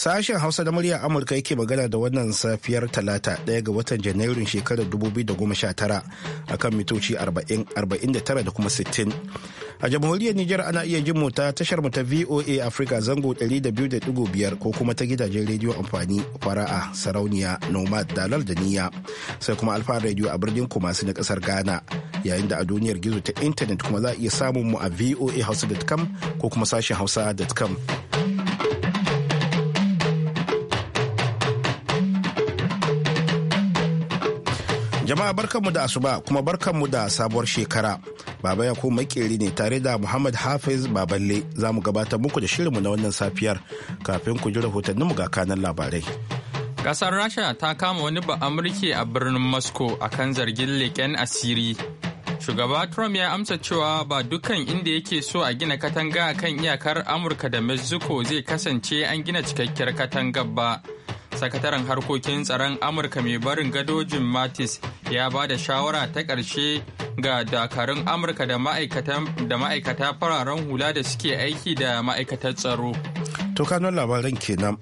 Sashen Hausa da murya Amurka yake magana da wannan safiyar Talata ɗaya ga watan Janairun shekarar 2019 akan mitoci 49 da kuma 60. A jamhuriyar Nijar ana iya jin ta tashar mu ta VOA Africa zango 200.5 ko kuma ta gidajen rediyo amfani fara'a sarauniya nomad dalar da niyya sai kuma alfa rediyo a birnin kumasi na kasar Ghana yayin da a duniyar gizo ta intanet kuma za a iya samun mu a voahausa.com ko kuma sashen hausa.com. Jama'a barkanmu da asuba kuma barkanmu da sabuwar shekara. Baba ya kuma makeri ne tare da Muhammad Hafiz Baballe za mu gabatar muku da shirinmu na wannan safiyar kafin ku ji mu ga kanan labarai. Kasar Rasha ta kama wani ba Amurke a birnin Moscow akan zargin leƙen asiri. Shugaba Trump ya amsa cewa ba dukkan inda yake so a gina katanga akan iyakar Amurka da Mexico zai kasance an gina cikakkiyar katangar ba. Sakataren harkokin tsaron Amurka mai barin gadojin Mattis ya ba da shawara ta ƙarshe ga dakarun amurka da ma'aikata fararen hula da suke aiki da ma'aikatar tsaro to labaran kenan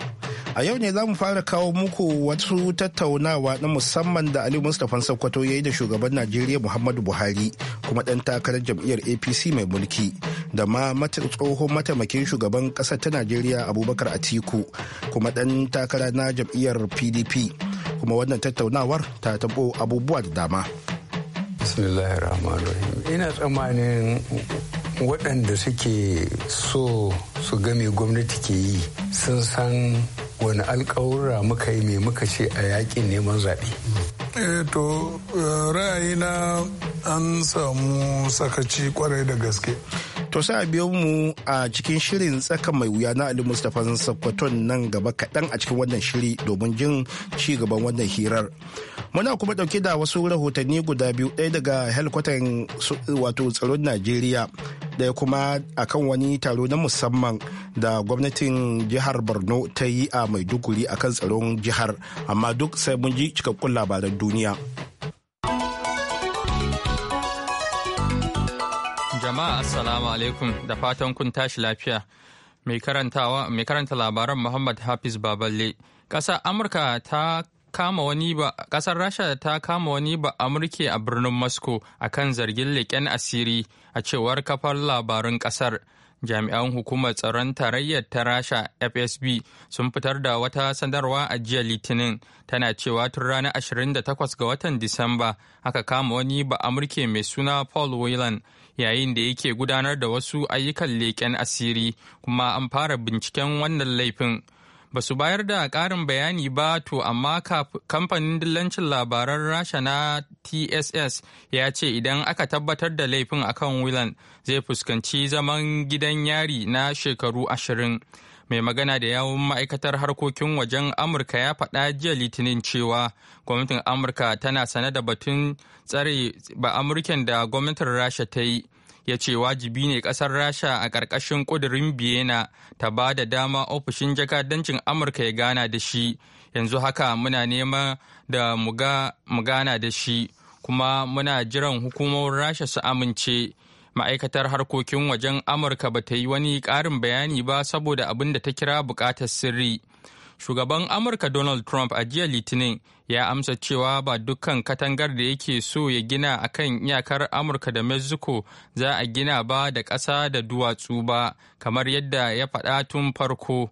a yau ne za mu fara kawo muku wasu tattaunawa na musamman da ali mustapha sokoto ya yi da shugaban najeriya muhammadu buhari kuma ɗan takarar jam'iyyar apc mai mulki da ma tsohon mataimakin shugaban ƙasar ta najeriya abubakar atiku kuma ɗan takara na jam'iyyar pdp kuma wannan tattaunawar ta tabo abubuwa da dama ina tsammanin waɗanda suke so su game gwamnati ke yi sun san wani alkawura muka yi mai muka ce a yaƙin neman zaɓe. Eh, to eh, ra'ayina an samu sakaci kwarai da gaske To sai a biyo mu a cikin shirin tsakan mai wuya na Ali Mustapha Sakkwaton nan gaba kaɗan a cikin wannan shiri domin jin ci gaban wannan hirar. Muna kuma ɗauke da wasu rahotanni guda biyu ɗaya daga helkwatan wato tsaron Najeriya ɗaya kuma akan wani taro na musamman da gwamnatin jihar Borno ta yi a Maiduguri akan tsaron jihar amma duk sai mun ji cikakkun labaran duniya. Jama'a Assalamu alaikum da fatan kun tashi lafiya. Mai karanta labaran Muhammad Hafiz Baballe. Ƙasar Amurka ta kama wani ba ƙasar Rasha ta kama wani ba Amurke a birnin Moscow akan zargin leƙen asiri a cewar kafar labarun ƙasar. jami'an hukumar tsaron tarayyar ta rasha fsb sun fitar da wata sanarwa a jiya litinin tana cewa tun ranar 28 ga watan disamba aka kama wani ba amurke mai suna paul whelan yayin da yake gudanar da wasu ayyukan leƙen asiri kuma an fara binciken wannan laifin. ba su bayar da ƙarin bayani ba to amma kamfanin dillancin labaran rasha na tss ya ce idan aka tabbatar da laifin akan wilan zai fuskanci zaman gidan yari na shekaru ashirin mai magana da yawun ma'aikatar harkokin wajen amurka ya faɗa jiya litinin cewa gwamnatin amurka tana sane da batun tsare ba amurken da gwamnatin rasha ta yi ya ce wajibi ne kasar rasha a ƙarƙashin ƙudurin biyena ta ba da dama ofishin jakadancin amurka ya gana da shi yanzu haka muna nema da mu gana da shi kuma muna jiran hukumar rasha su amince ma'aikatar harkokin wajen amurka ba ta yi wani ƙarin bayani ba saboda abin da ta kira bukatar sirri shugaban amurka donald trump a jiya litinin ya amsa cewa ba dukkan katangar da yake so ya gina a kan iyakar amurka da mexico za a gina ba da ƙasa da duwatsu ba kamar yadda ya faɗa tun farko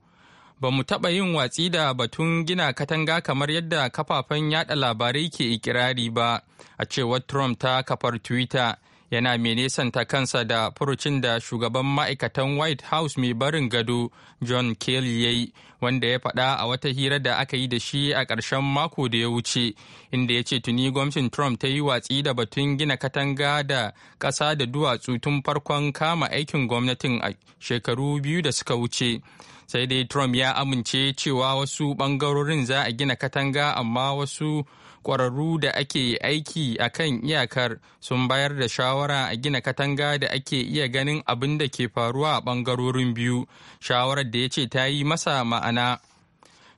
ba mu taɓa yin watsi da batun gina katanga kamar yadda kafafen yaɗa labarai ke ikirari ba a cewar trump ta kafar twitter yana mai nesanta kansa da furucin da shugaban ma'aikatan white house mai barin gado john kelly ya yi wanda ya faɗa a wata hira da aka yi da shi a ƙarshen mako da ya wuce inda ya ce tuni gwamnatin trump ta yi watsi da batun gina katanga da ƙasa da duwatsu tun farkon kama aikin gwamnatin a shekaru biyu da suka wuce sai dai trump ya amince cewa wasu ɓangarorin za a gina katanga amma wasu ƙwararru da ake aiki a kan iyakar sun bayar da shawara a gina katanga da ake iya ganin abin da ke faruwa a ɓangarorin biyu shawarar da ya ce ta yi masa ma'ana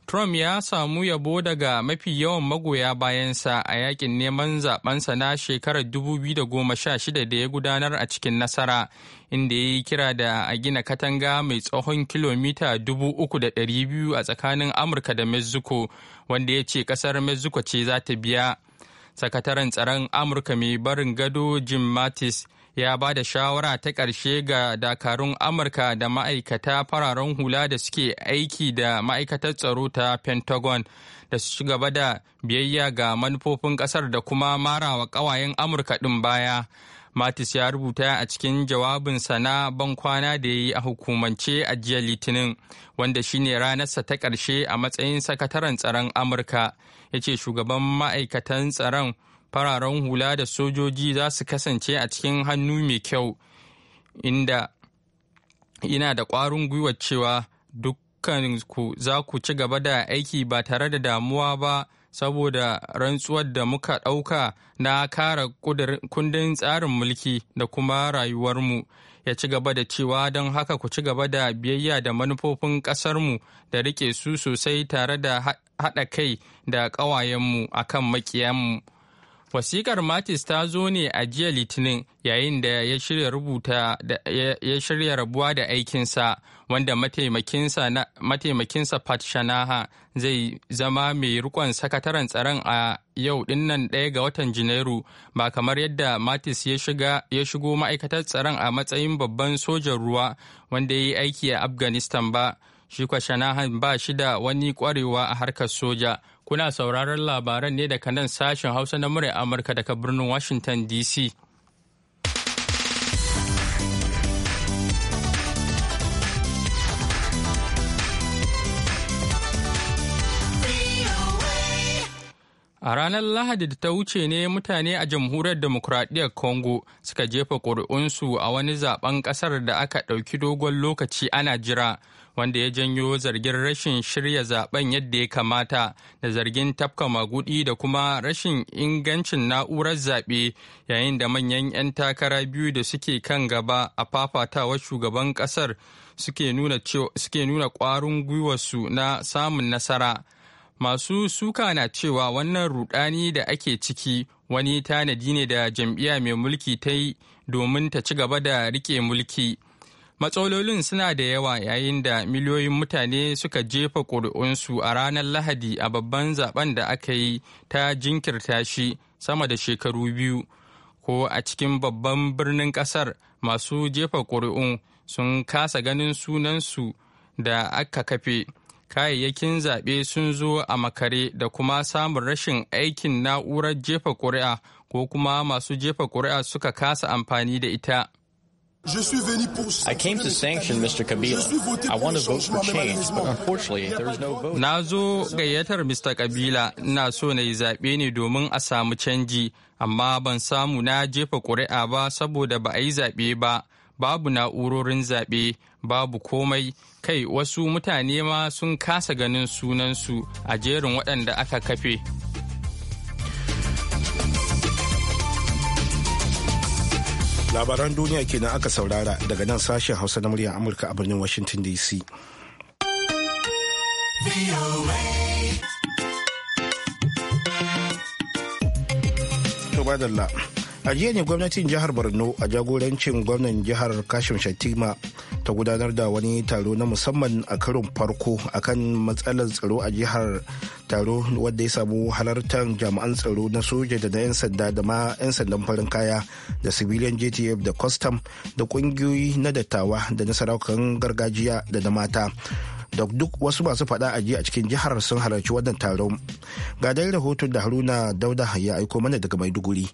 Trump ya samu yabo daga mafi yawan magoya bayansa a yakin neman zabensa na shekarar 2016 da ya gudanar a cikin nasara, inda ya yi kira da a gina katanga mai tsohon kilomita 3,200 a tsakanin Amurka da Mexico, wanda ya ce kasar Mexico ce za ta biya. Sakataren tsaron Amurka mai barin gado Jim Mattis ya ba da shawara ta ƙarshe ga dakarun amurka da ma'aikata fararen hula da suke aiki da ma'aikatar tsaro ta pentagon da su gaba da biyayya ga manufofin ƙasar da kuma marawa ƙawayen amurka ɗin baya matis ya rubuta a cikin jawabinsa na bankwana da ya yi a hukumance a jiya litinin wanda shine ranarsa ta ƙarshe a matsayin sakataren tsaron amurka ya ce shugaban ma'aikatan tsaron fararen hula da sojoji za su kasance a cikin hannu mai kyau inda ina da ƙwarin gwiwa cewa dukkaninku za ku ci gaba da aiki ba tare da damuwa ba saboda rantsuwar da muka ɗauka na kara kundin tsarin mulki da kuma rayuwarmu ya ci gaba da cewa don haka ku ci gaba da biyayya da manufofin ƙasarmu da rike su sosai tare da haɗa kai da ƙawayenmu akan makiyanmu. maƙiyanmu Wasikar Matis ta zo ne a jiya Litinin yayin da ya shirya rubuta ya shirya rabuwa da aikinsa wanda mataimakinsa Pat Shanaha zai zama mai rikon sakataren tsaron a yau dinnan ɗaya ga watan Janairu ba kamar yadda Matis ya shiga ya shigo ma'aikatar tsaron a matsayin babban sojan ruwa wanda ya yi aiki a Afghanistan ba. Shi kwa Shanahan ba shi da wani kwarewa a harkar soja Kuna sauraron labaran ne daga nan sashen Hausa na murya Amurka daga birnin Washington DC. A ranar Lahadi da ta wuce ne mutane a jamhuriyar demokuraɗiyyar Congo suka jefa ƙuri'unsu a wani zaben ƙasar da aka ɗauki dogon lokaci ana jira, wanda ya janyo zargin rashin shirya zaben yadda ya kamata da zargin tafka magudi da kuma rashin ingancin na'urar zaɓe yayin da manyan 'yan takara biyu da suke kan gaba a fafatawa shugaban ƙasar suke nuna ƙwarin gwiwarsu na samun nasara. Masu suka na cewa wannan rudani da ake ciki wani tanadi ne da jam'iyya mai mulki ta yi domin ta ci gaba da rike mulki. Matsalolin suna da yawa yayin da miliyoyin mutane suka jefa ƙuri'unsu a ranar Lahadi a babban zaben da aka yi ta jinkirta shi sama da shekaru biyu. Ko a cikin babban birnin ƙasar masu jefa ƙuri'un sun kasa ganin sunansu da aka kafe. kayayyakin zaɓe sun zo a makare da kuma samun rashin aikin na'urar jefa ƙuri'a ko kuma masu jefa ƙuri'a suka kasa amfani da ita. Na zo gayyatar Mr. Kabila, ina so na yi zaɓe ne domin a samu canji, amma ban samu na jefa ƙuri'a ba saboda ba a yi zaɓe ba, babu na'urorin zaɓe, babu komai, kai wasu mutane ma sun kasa ganin sunansu a jerin waɗanda aka kafe. Labaran duniya kenan aka saurara daga nan sashen Hausa na muryar Amurka a birnin Washington DC. a jiya ne gwamnatin jihar borno a jagorancin gwamnan jihar kashim shatima ta gudanar da wani taro na musamman a karin farko akan matsalar tsaro a jihar taro wadda ya samu halartar jami'an tsaro na soja da na 'yan sanda da ma 'yan sandan farin kaya da civilian gtf da custom da kungiyoyi na dattawa da na sarakan gargajiya da na mata da duk wasu masu fada a a cikin jihar sun halarci wannan taron ga dai rahoton da haruna dauda ya aiko mana daga maiduguri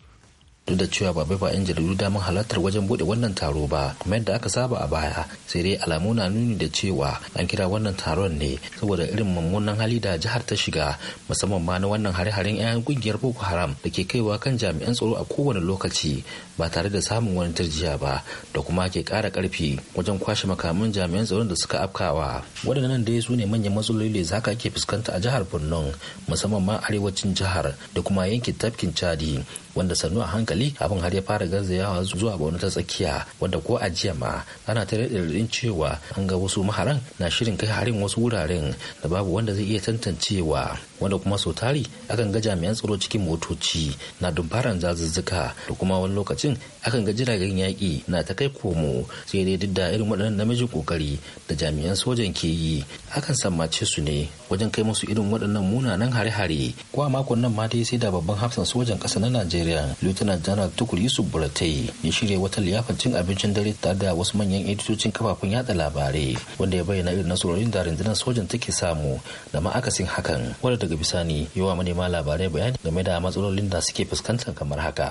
duk da cewa ba bai ba 'yan jaridu damar halartar wajen bude wannan taro ba kuma yadda aka saba a baya sai dai alamu na nuni da cewa an kira wannan taron ne saboda irin mummunan hali da jihar ta shiga musamman ma na wannan hare-haren 'yan kungiyar boko haram da ke kaiwa kan jami'an tsaro a kowane lokaci ba tare da samun wani tarjiya ba da kuma ke kara karfi wajen kwashe makamin jami'an tsaron da suka afkawa waɗannan dai su ne manyan matsaloli da zaka ke fuskanta a jihar borno musamman ma arewacin jihar da kuma yankin tafkin chadi wanda sannu a hankali abin har ya fara garzayawa zuwa ga wani ta tsakiya wadda ko a jiya ma ana ta raɗaɗin cewa an ga wasu maharan na shirin kai harin wasu wuraren da babu wanda zai iya tantancewa wanda kuma sau tari akan ga jami'an tsaro cikin motoci na dubbaran zazuzzuka da kuma wani lokacin akan ga jiragen yaƙi na ta kai komo sai dai duk da irin waɗannan namijin ƙoƙari da jami'an sojan ke yi akan sammace su ne wajen kai musu irin waɗannan munanan hare-hare ko a makon nan mata sai da babban hafsan sojan ƙasa na najeriya lieutenant general tukur yusuf buratai ya shirya wata liyafar cin abincin dare tare da wasu manyan editocin kafafen yada labarai wanda ya bayyana irin nasarorin da rundunar sojan take samu da ma'akasin hakan wanda daga bisani yi wa manema labarai bayani game da matsalolin da suke fuskanta kamar haka.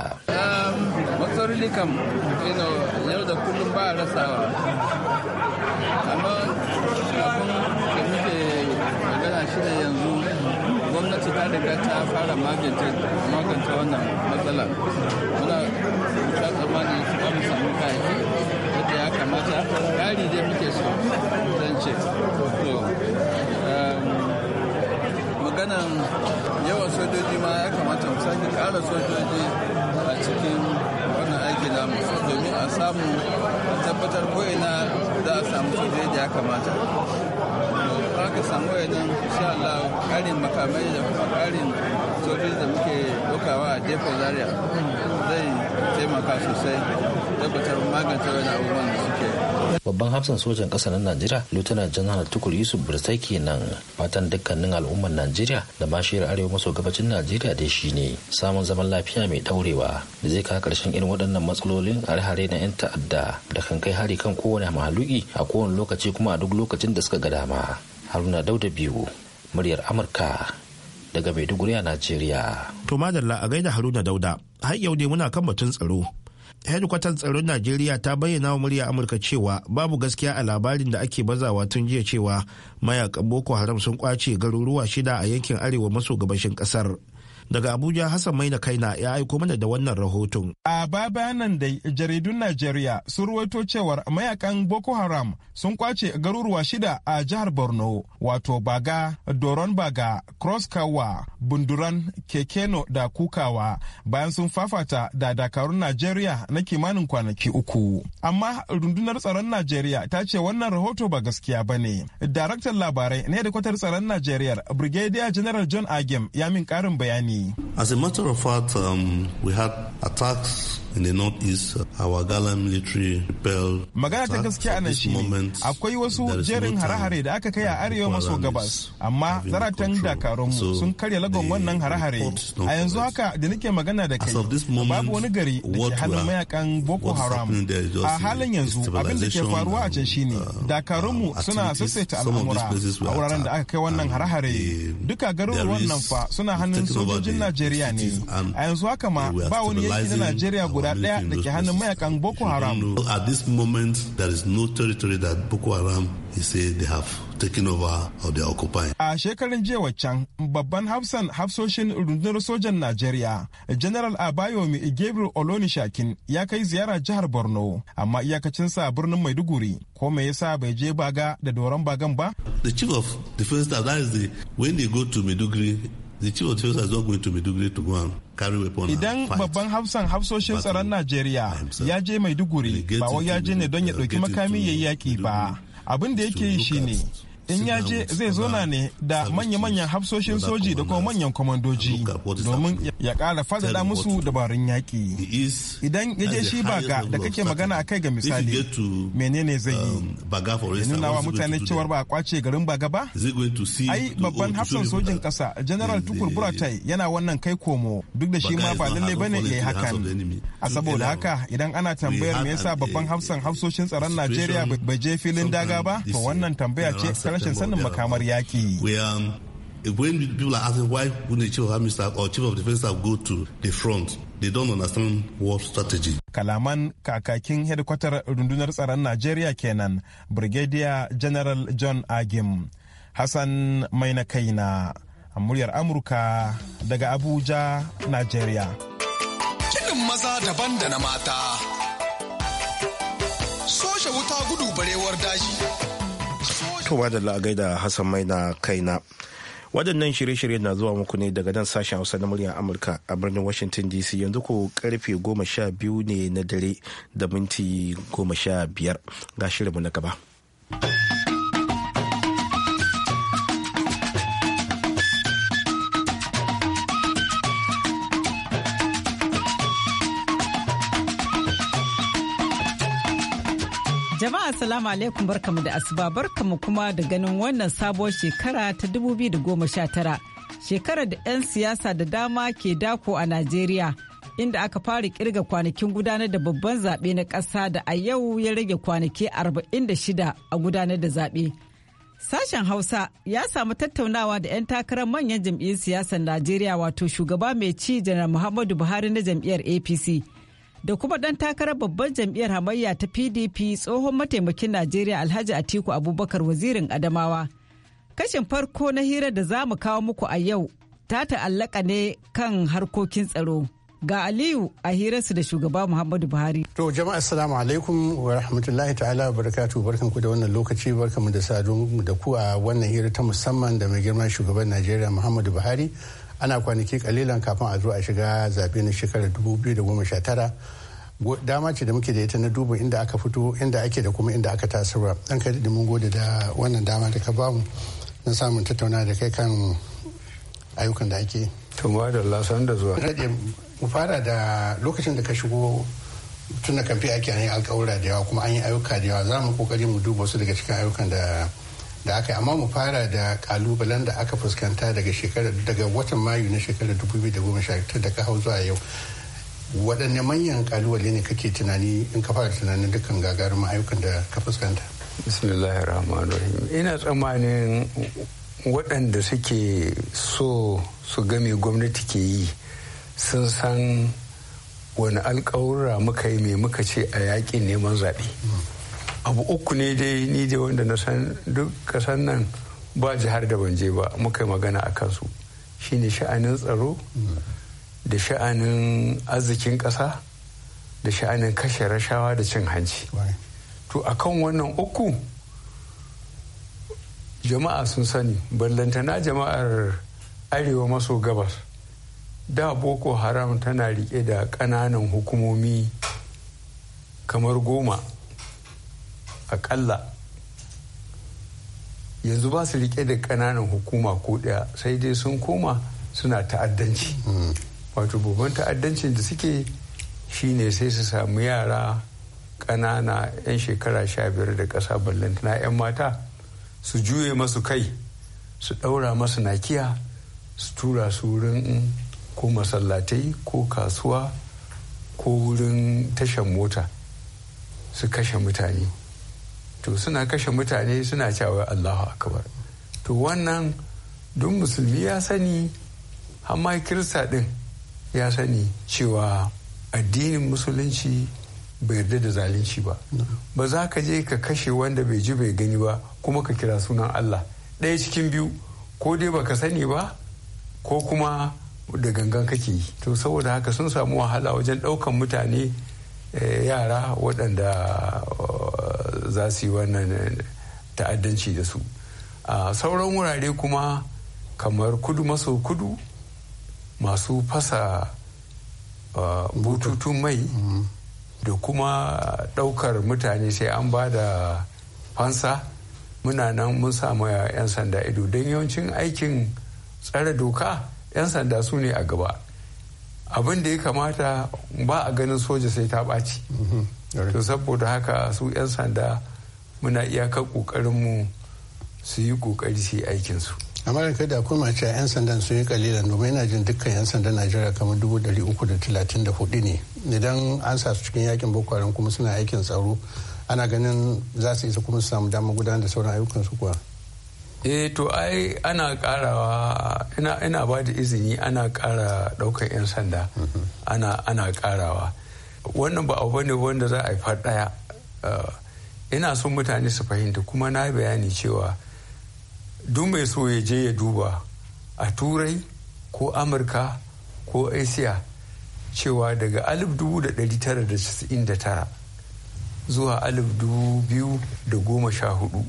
matsaloli kam yau da kullum ba rasawa amma abin da muke magana shi ne yanzu gwamnati ta daga ta fara magance wannan matsala muna ta tsammanin su ba mu samu kayayyaki yadda ya kamata ƙari dai muke so maganan yawan sojoji ma ya kamata mu sake kara sojoji a cikin wannan aiki namu domin a samu a tabbatar ko'ina za a samu sojoji da ya kamata ka samu wayannan insha Allah karin makamai da kuma karin sojoji da muke dokawa a jefa zaria zai taimaka sosai tabbatar magance wani abubuwan da suke babban hafsan sojan ƙasa na najeriya lieutenant general tukur yusuf birtai kenan fatan dukkanin al'ummar najeriya da mashiyar arewa maso gabacin najeriya dai ne, samun zaman lafiya mai daurewa da zai kawo ƙarshen irin waɗannan matsalolin hare-hare na 'yan ta'adda da kan kai hari kan kowane mahaluki a kowane lokaci kuma a duk lokacin da suka ga dama haruna dauda biyu muryar amurka daga maiduguri a najeriya to madalla a gaida haruna dauda har yau ne muna kan batun tsaro hedikwatar tsaron najeriya ta bayyana wa murya amurka cewa babu gaskiya a labarin da ake bazawa tun jiya cewa mayakan boko haram sun kwace garuruwa shida a yankin arewa maso gabashin kasar Daga Abuja Hassan Maina Kaina ya aiko mana da wannan rahoton. A baya nan da jaridun Najeriya sun ruwaito cewar mayakan Boko Haram sun kwace garuruwa shida a jihar Borno wato Baga, Doron Baga, kawa Bunduran, Kekeno da Kukawa bayan sun fafata da dakarun Najeriya na kimanin kwanaki uku. Amma rundunar tsaron Najeriya ta ce wannan rahoto ba gaskiya ba ne. Daraktan labarai na hedikwatar tsaron Najeriya Brigadier General John Agim ya min karin bayani As a matter of fact, um, we had attacks in the northeast our gala military repel magana ta gaskiya nan shi akwai wasu jerin uh, hare-hare da aka kai a arewa maso gabas amma zaratan dakarunmu sun karya lagon wannan hare-hare a yanzu haka da nake magana da kai babu wani gari da ke halin mayakan boko haram a halin yanzu abin da ke faruwa a can shine uh, dakarunmu uh, suna sassaita al'amura a wuraren da aka kai wannan hare-hare duka garuruwan wannan fa suna hannun sojojin najeriya ne a yanzu haka ma ba wani yanki na najeriya guda daya da ke hannun mayakan Boko Haram. At this moment, there is no territory that Boko Haram he say they have taken over or they occupying. A shekarun jiya waccan babban hafsan hafsoshin rundunar sojan Najeriya, General Abayomi Gabriel shakin ya kai ziyara jihar Borno, amma iyakacin sa birnin Maiduguri. Ko me yasa bai je baga da doron bagan ba? The chief of defense staff that is the when they go to Maiduguri The chief of defense is not going to Maiduguri to go and carry weapon. Idan babban hafsan hafsoshin tsaron Najeriya ya je Maiduguri ba wai ya je ne don ya ɗauki makami ya yi yaƙi ba. Abin da yake yi shine in ya je zai zona ne da manya-manyan hafsoshin soji da kuma manyan kwamandoji domin ya kara fadada musu dabarun yaƙi idan ya je shi baga da kake magana a kai ga misali menene zai yi um, ya nuna wa mutane cewar ba a kwace garin baga ba ai babban hafsan sojin ƙasa general tukur buratai yana wannan kai komo duk da shi ma ba lallai bane ya yi hakan a saboda haka idan ana tambayar me yasa babban hafsan hafsoshin tsaron najeriya bai je filin daga ba to wannan tambaya ce rashin sanin makamar yaƙi. Um, when people are asking why would the chief of army staff or chief of defense staff go to the front they don't understand war strategy kalaman kakakin hedikwatar rundunar tsaron najeriya kenan brigadier general john agim hassan maina na kaina muryar amurka daga abuja najeriya kiɗin maza daban da na mata soshe wuta gudu barewar daji To da la'agai da Hassan mai na kaina. Waɗannan shirye-shirye na zuwa muku ne daga nan sashen Hausa na muryar Amurka a birnin Washington DC yanzu ko karfe goma sha biyu ne na dare da minti goma sha biyar ga shirinmu na gaba. Assalamu alaikum barkamu da asuba barkamu kuma da ganin wannan sabuwar shekara ta 2019 shekarar da 'yan siyasa da dama ke dako a Najeriya inda aka fara kirga kwanakin gudanar da babban zaɓe na ƙasa da a yau ya rage kwanaki 46 a gudanar da zaɓe. Sashen Hausa ya samu tattaunawa da 'yan takarar manyan jam'iyyar siyasar Najeriya wato shugaba mai ci janar Muhammadu Buhari na jam'iyyar APC. da kuma ɗan takarar babban jam'iyyar hamayya ta pdp tsohon mataimakin najeriya alhaji atiku abubakar wazirin adamawa kashin farko na hira da za mu kawo muku a yau ta ta'allaka ne kan harkokin tsaro ga aliyu a hirarsu da shugaba muhammadu buhari to jama'a assalamu alaikum wa rahmatullahi ta'ala wa barakatu barkan ku da wannan lokaci barkan da sadu da ku a wannan hira ta musamman da mai girman shugaban najeriya muhammadu buhari ana kwanaki kalilan kafin a zo a shiga zaɓe na shekarar 2019 dama ce da muke da ita na duba inda aka fito inda ake da kuma inda aka tasirwa dan kai da mun gode da wannan dama da ka bamu na samun tattauna da kai kan ayyukan da ake to da lasan da zuwa mu fara da lokacin da ka shigo tun da kamfe ake an yi alkawura da yawa kuma an yi ayyuka da yawa za mu kokari mu duba su daga cikin ayyukan da da aka amma mu fara da kalubalen da aka fuskanta daga shekarar daga watan mayu na shekarar 2019 da ka hau zuwa yau waɗanne manyan kalubale ne kake tunani in ka fara tunanin dukkan gagarin ayyukan da ka fuskanta rahim ina tsammanin waɗanda suke so su game gwamnati ke yi sun san wani alkawura muka yi mai muka ce a yaƙin neman zaɓe. abu uku ne dai ni da wanda na san duk kasan nan ba jihar da ban je ba muka yi magana a kansu shine sha'anin tsaro da sha'anin arzikin ƙasa da sha'anin kashe rashawa da cin hanci to a kan wannan uku jama'a sun sani ballantana jama'ar arewa maso gabas da boko haram tana rike da ƙananan hukumomi kamar goma akalla yanzu ba su rike da ƙananan hukuma ko daya sai dai sun koma suna ta'addanci wato babban ta'addancin da suke shine sai su samu yara ƙanana 'yan shekara sha biyar da ƙasa ballantana 'yan mata su juye masu kai su ɗaura masu nakiya su tura su wurin ko masallatai ko kasuwa ko wurin tashan mota su kashe mutane to suna kashe mutane suna cewa allahu akbar to wannan duk musulmi ya sani amma kirista din ya sani cewa addinin musulunci bai yarda da zalunci ba ba za ka je ka kashe wanda bai ji bai gani ba kuma ka kira sunan allah ɗaya cikin biyu ko dai baka sani ba ko kuma da gangan kake yi to saboda haka sun samu wahala wajen ɗaukan mutane eh, yara waɗanda za su yi wannan eh, ta'addanci da su a sauran wurare kuma kamar kudu maso kudu masu fasa ah, bututun mai mm-hmm. da kuma ɗaukar mutane sai an ba da fansa muna nan mun samu 'yan sanda ido don yawancin aikin tsare doka 'yan sanda su ne a gaba abin da ya kamata ba a ganin soja sai ta ɓaci mm-hmm. to saboda haka su 'yan sanda muna iyakar ƙoƙarinmu su yi kokari su yi aikinsu amma kai da akwai mace 'yan sandan sun yi kalilan domin yana jin dukkan 'yan sandan najeriya kamar dubu dari uku da talatin da hudu ne idan an sa su cikin yakin boko kuma suna aikin tsaro ana ganin za su isa kuma su samu damar gudanar da sauran ayyukan su kuwa eh to ai ana karawa ina ba da izini ana kara daukar 'yan sanda mm-hmm. ana ana karawa wannan ba abu ne wanda za a yi faɗaya eh, ina son mutane su fahimta kuma na bayani cewa duk mai so ya je ya duba a turai ko amurka ko asia cewa daga 1999 zuwa 2014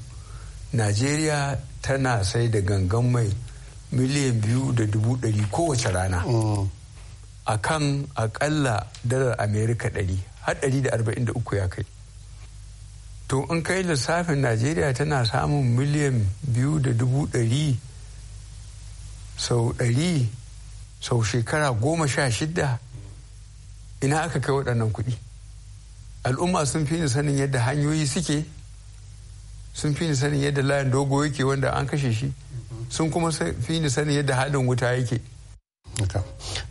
najeriya tana sai da gangan mai miliyan biyu da dubu kowace rana mm. a kan akalla dalar amerika 100 har 143 ya kai to in kai lissafin najeriya tana samun miliyan biyu da dubu ɗari sau ɗari sau shekara goma sha shida ina aka kai waɗannan kuɗi al'umma sun fi ni sanin yadda hanyoyi suke sun fi ni sanin yadda layin dogo yake wanda an kashe shi sun kuma fi ni sanin yadda haɗin wuta yake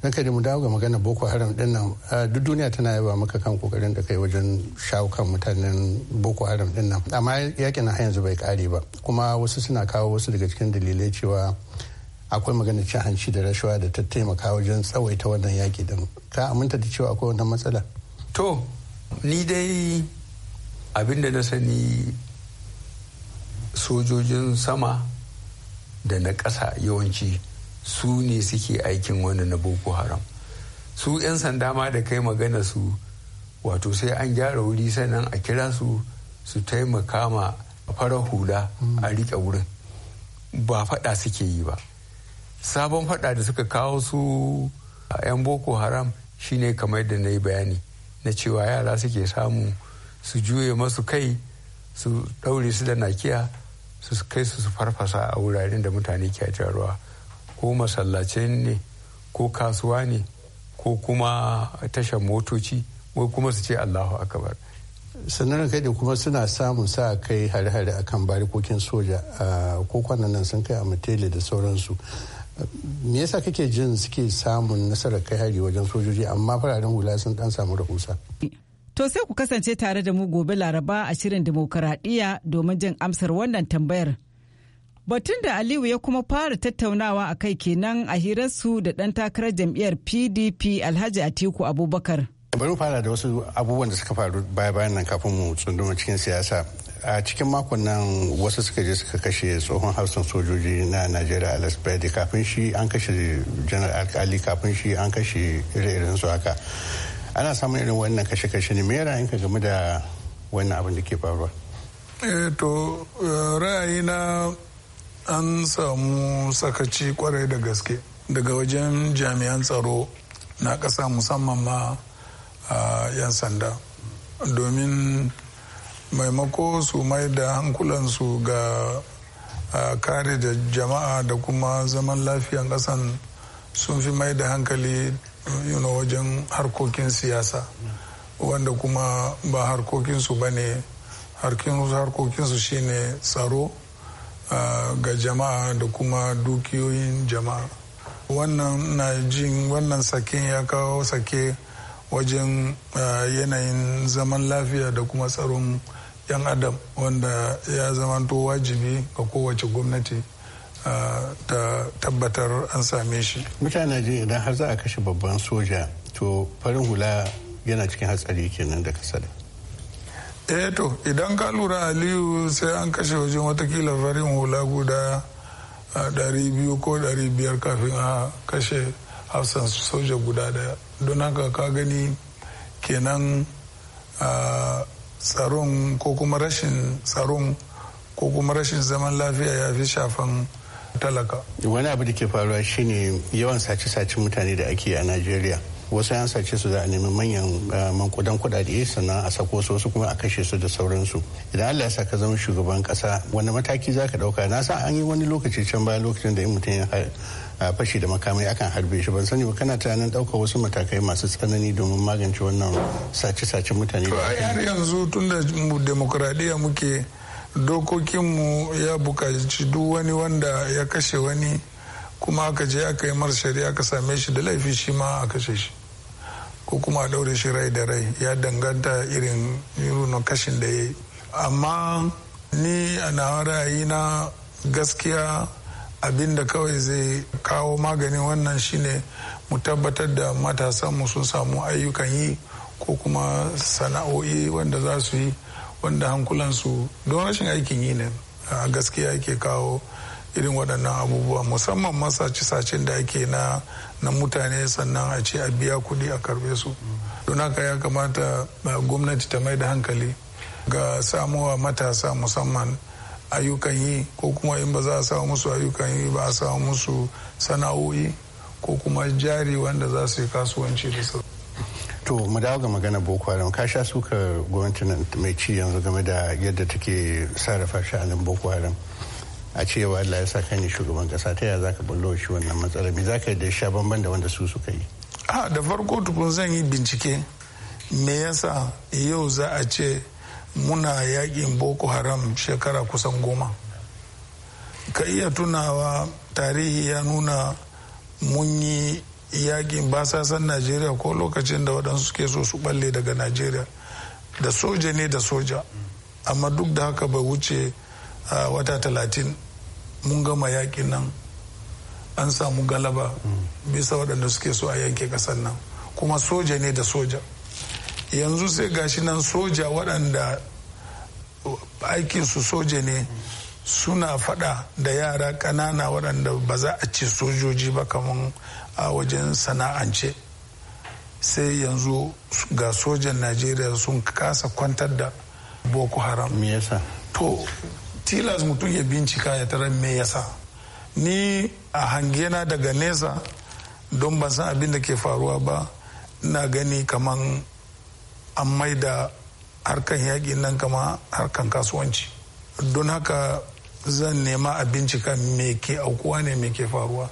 Ranka da mu dawo ga magana Boko Haram din nan duk duniya tana yaba maka kan kokarin da kai wajen shawo kan mutanen Boko Haram din nan amma yakin na yanzu bai kare ba kuma wasu suna kawo wasu daga cikin dalilai cewa akwai magana cin hanci da rashawa da ta taimaka wajen tsawaita wannan yaki din ka aminta da cewa akwai wannan matsala. To ni dai abin na sani sojojin sama da na ƙasa yawanci su ne suke aikin wani na boko haram su 'yan sanda ma da kai magana su wato sai an gyara wuri sannan a kira su su taimaka ma farar hula a mm. riƙe wurin ba faɗa suke yi ba sabon faɗa da suka kawo su a 'yan boko haram shine kamar da na yi bayani na cewa yara suke samu su juye masu kai su ɗaure su da nakiya su kai su su farfasa a wuraren da mutane ke taruwa. ko masallace ne ko kasuwa ne ko kuma tashar motoci ko kuma su ce allahu akabar. sannan kai da kuma suna samun sa kai hare-hare kan barikokin soja ko kwanan sun kai a matele da sauransu me yasa kake jin suke samun nasarar kai hari wajen sojoji amma fararen hula sun dan samu rahusa to sai ku kasance tare da mu gobe laraba a shirin dimokuraɗiyya domin jin amsar wannan tambayar Batun da Aliyu ya kuma fara tattaunawa a kai kenan a hirarsu da ɗan takarar jam'iyyar PDP Alhaji Atiku Abubakar. Bari fara da wasu abubuwan da suka faru baya-bayan nan kafin mu tsunduma cikin siyasa. A cikin makon nan wasu suka je suka kashe tsohon hausan sojoji na Najeriya Alex Brady kafin shi an kashe janar alkali kafin shi an kashe irin su haka. Ana samun irin wannan kashe-kashe ne me ra'ayinka game da wannan abin da ke faruwa? Eh to eh, ra'ayina an samu sakaci kwarai da gaske daga wajen jami'an tsaro na ƙasa musamman ma a 'yan sanda domin maimako su mai da hankulansu ga kare da jama'a da kuma zaman lafiyan ƙasan sun fi mai da hankali wajen harkokin siyasa wanda kuma ba harkokinsu ba ne harkokinsu shine tsaro ga jama'a da kuma dukiyoyin jama'a wannan na jin wannan sake ya kawo sake wajen yanayin zaman lafiya da kuma tsaron 'yan adam wanda ya zamanto wajibi ga kowace gwamnati ta tabbatar an same shi mutane je idan har za a kashe babban soja to farin hula yana cikin hatsari kenan da kasada eh to idan ka lura aliyu sai an kashe wajen watakila farin hula guda dari biyu ko dari biyar kafin a kashe hafsan soja guda daya don haka ka gani kenan tsaron ko kuma rashin tsaron ko kuma rashin zaman lafiya ya fi shafan talaka wani abu da ke faruwa shine yawan sace-sace mutane da ake a najeriya wasu yan sace su za a nemi manyan eh, mankudan kudade sannan a sako su wasu kuma a kashe su da sauransu idan allah ya sa ka zama shugaban kasa wani mataki za ka dauka na san an yi wani lokaci can baya lokacin da in mutum ya eh, fashi da makamai akan harbe shi ban sani ba kana tunanin daukar wasu matakai masu tsanani domin magance wannan sace-sace mutane to a yanzu tunda da demokradiyya muke dokokinmu ya bukaci duk wani wanda ya kashe wani kuma aka je aka yi mara shari'a aka same shi da laifi shi ma aka kashe shi ko kuma a ɗaure shi rai da rai ya danganta irin irin kashin da ya amma ni a nawara ra'ayi na gaskiya abin da kawai zai kawo maganin wannan shine mu tabbatar da matasan mu sun samu ayyukan yi ko kuma sana'o'i wanda za su yi wanda hankulansu don rashin aikin yi ne a gaskiya ake kawo irin waɗannan abubuwa musamman masacin da ake na na mutane sannan a ce a biya kuɗi a karbe su don haka ya kamata gwamnati ta mai da hankali ga samuwa matasa musamman ayyukan yi ko kuma in ba za a samu musu ayyukan yi ba a samu musu sana'o'i ko kuma jari wanda za su yi kasuwanci da su. to mu dawo ga magana boko haram ka sha suka gwamnati mai ci yanzu game da yadda take sarrafa sha'anin boko haram a cewa Allah ya sa ni shugaban kasa ta yaya zaka bullo shi wannan matsala me zaka da sha bamban da wanda su suka yi a da farko tukun zan yi bincike me yasa yau za a ce muna yakin boko haram shekara kusan goma ka iya tunawa tarihi ya nuna mun yi yakin basasan najeriya ko lokacin da waɗansu suke so su balle daga najeriya da soja ne da soja amma duk da haka bai wuce a wata talatin mun gama yakin nan an samu galaba bisa waɗanda suke so a yanke ƙasar nan kuma soja ne da soja yanzu sai gashi nan soja waɗanda aikinsu soja ne suna faɗa da yara ƙanana waɗanda ba za a ci sojoji ba kamar a wajen sana'ance sai yanzu ga sojan najeriya sun kasa kwantar da boko haram to tilas mutum ya bincika ya tara me yasa ni a hangena daga nesa don ban san abin da ke faruwa ba na gani kaman an maida harkan yaƙi nan kama harkan kasuwanci don haka zan nema a bincika me ke aukuwa ne me ke faruwa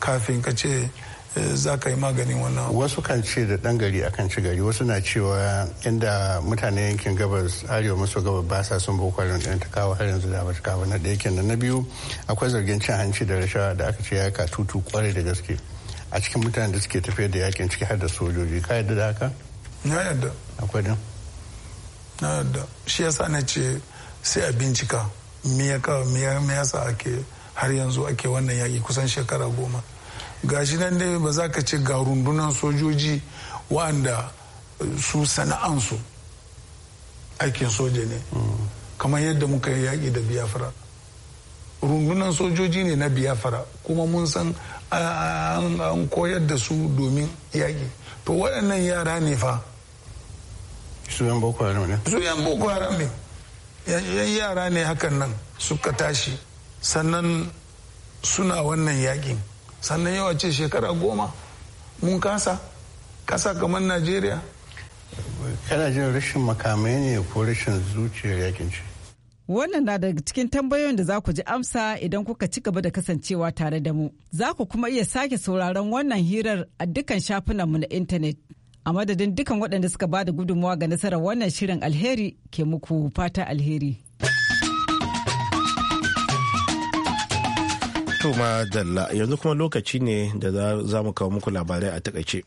kafin ka ce Eh, za ka yi maganin wannan wasu kan ce da dan gari akan ci gari wasu na cewa inda mutane yankin gabas arewa maso gabas ba sa sun boko haram ta kawo har yanzu da ba ta kawo na ɗaya kenan na biyu akwai zargin cin hanci da rashawa da aka ce ya ka tutu kwarai da gaske a cikin mutanen da suke tafiya da yakin ciki har da sojoji ka yadda da haka na yadda akwai din na yadda shi yasa na ce sai a bincika me ya kawo me ake har yanzu ake wannan yaki kusan shekara goma gashi nan dai ba za ka ce ga rundunan sojoji wa'anda eh, su sana'ansu aikin soja ne kamar yadda muka yi yaƙi da biyafra rundunan sojoji ne na biyafra kuma mun san an koyar da su domin yaƙi to waɗannan yara ne fa su yan boko haram ne su yan boko haram ne yan yara ne hakan nan suka tashi sannan suna wannan yaƙin sannan yawa ce shekara goma mun kasa kasa kamar najeriya kana jin rashin makamai ne ko rashin zuciyar yakin ce wannan na daga cikin tambayoyin da za ku ji amsa idan kuka ci gaba da kasancewa tare da mu za ku kuma iya sake sauraron wannan hirar a dukkan shafinanmu na intanet a madadin dukkan waɗanda suka ba da gudunmawa ga nasarar wannan shirin alheri ke muku fata alheri To dalla yanzu kuma lokaci ne da za mu kawo muku labarai a takaice.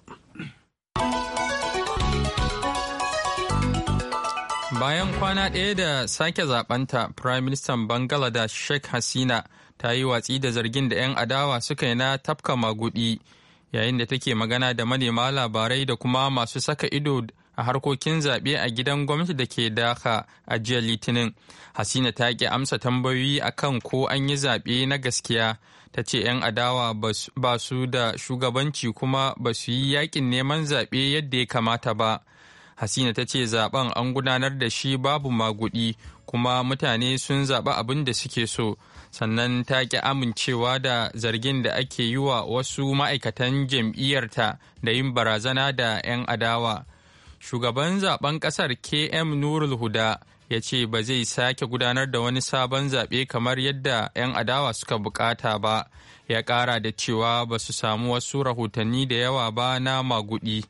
Bayan kwana ɗaya da sake zaɓanta, Prime Minister Bangladesh Sheikh Hasina ta yi watsi da zargin da 'yan adawa suka yi na tafka magudi yayin da take magana da manema labarai da kuma masu saka ido a harkokin zaɓe a gidan gwamnati da ke daka a jiya litinin hasina ta ƙi amsa tambayoyi akan ko an yi zaɓe na gaskiya ta ce 'yan adawa ba su da shugabanci kuma ba su yi yaƙin neman zaɓe yadda ya kamata ba hasina ta ce zaɓen an gudanar da shi babu maguɗi kuma mutane sun zaɓi abin da suke so sannan ta ƙi amincewa da zargin da ake yi wa wasu ma'aikatan jam'iyyarta da yin barazana da 'yan adawa shugaban zaben kasar km nurul huda ya ce ba zai sake gudanar da wani sabon zaɓe kamar yadda 'yan adawa suka bukata ba ya ƙara da cewa ba su samu wasu rahotanni da yawa ba na magudi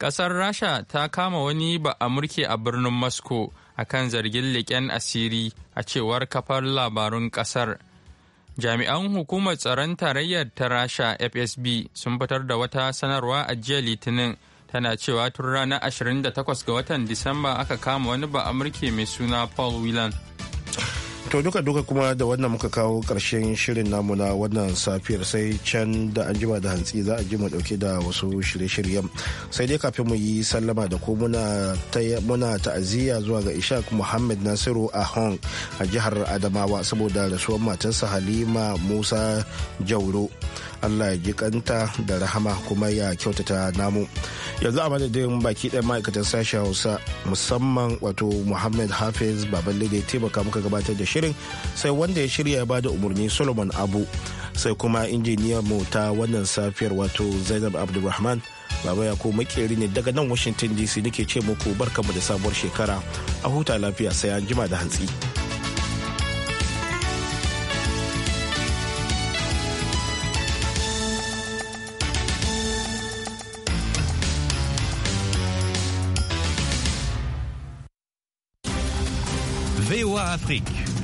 ƙasar rasha ta kama wani ba murke a birnin moscow a kan zargin leƙen asiri a cewar kafar labarun ƙasar jami'an hukumar tsaron tarayyar ta rasha fsb sun fitar da wata sanarwa a jiya litinin tana cewa tun ranar 28 ga watan disamba aka kama wani ba amurke mai suna paul whelan to duka duka kuma da wannan muka kawo karshen shirin namu na wannan safiyar sai can da an jima da hantsi za a ji mu dauke da wasu shirye-shiryen sai dai kafin mu yi sallama da ko muna ta'aziyya zuwa ga ishaq muhammad nasiru a hong a jihar adamawa saboda rasuwar matarsa halima musa jauro allah ya jikanta da rahama kuma ya kyautata namu yanzu a madadin baki ɗaya ma'aikatan sashen hausa musamman wato muhammad hafiz Baban da ya taimaka muka gabatar da shirin sai wanda ya shirya ya bada umarni solomon abu sai kuma injiniyar mu ta wannan safiyar wato zainab abdulrahman baba ya ko makeri ne daga nan washington dc nake ce muku barkamu da sabuwar shekara a huta lafiya sai an jima da hantsi.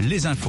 les infos.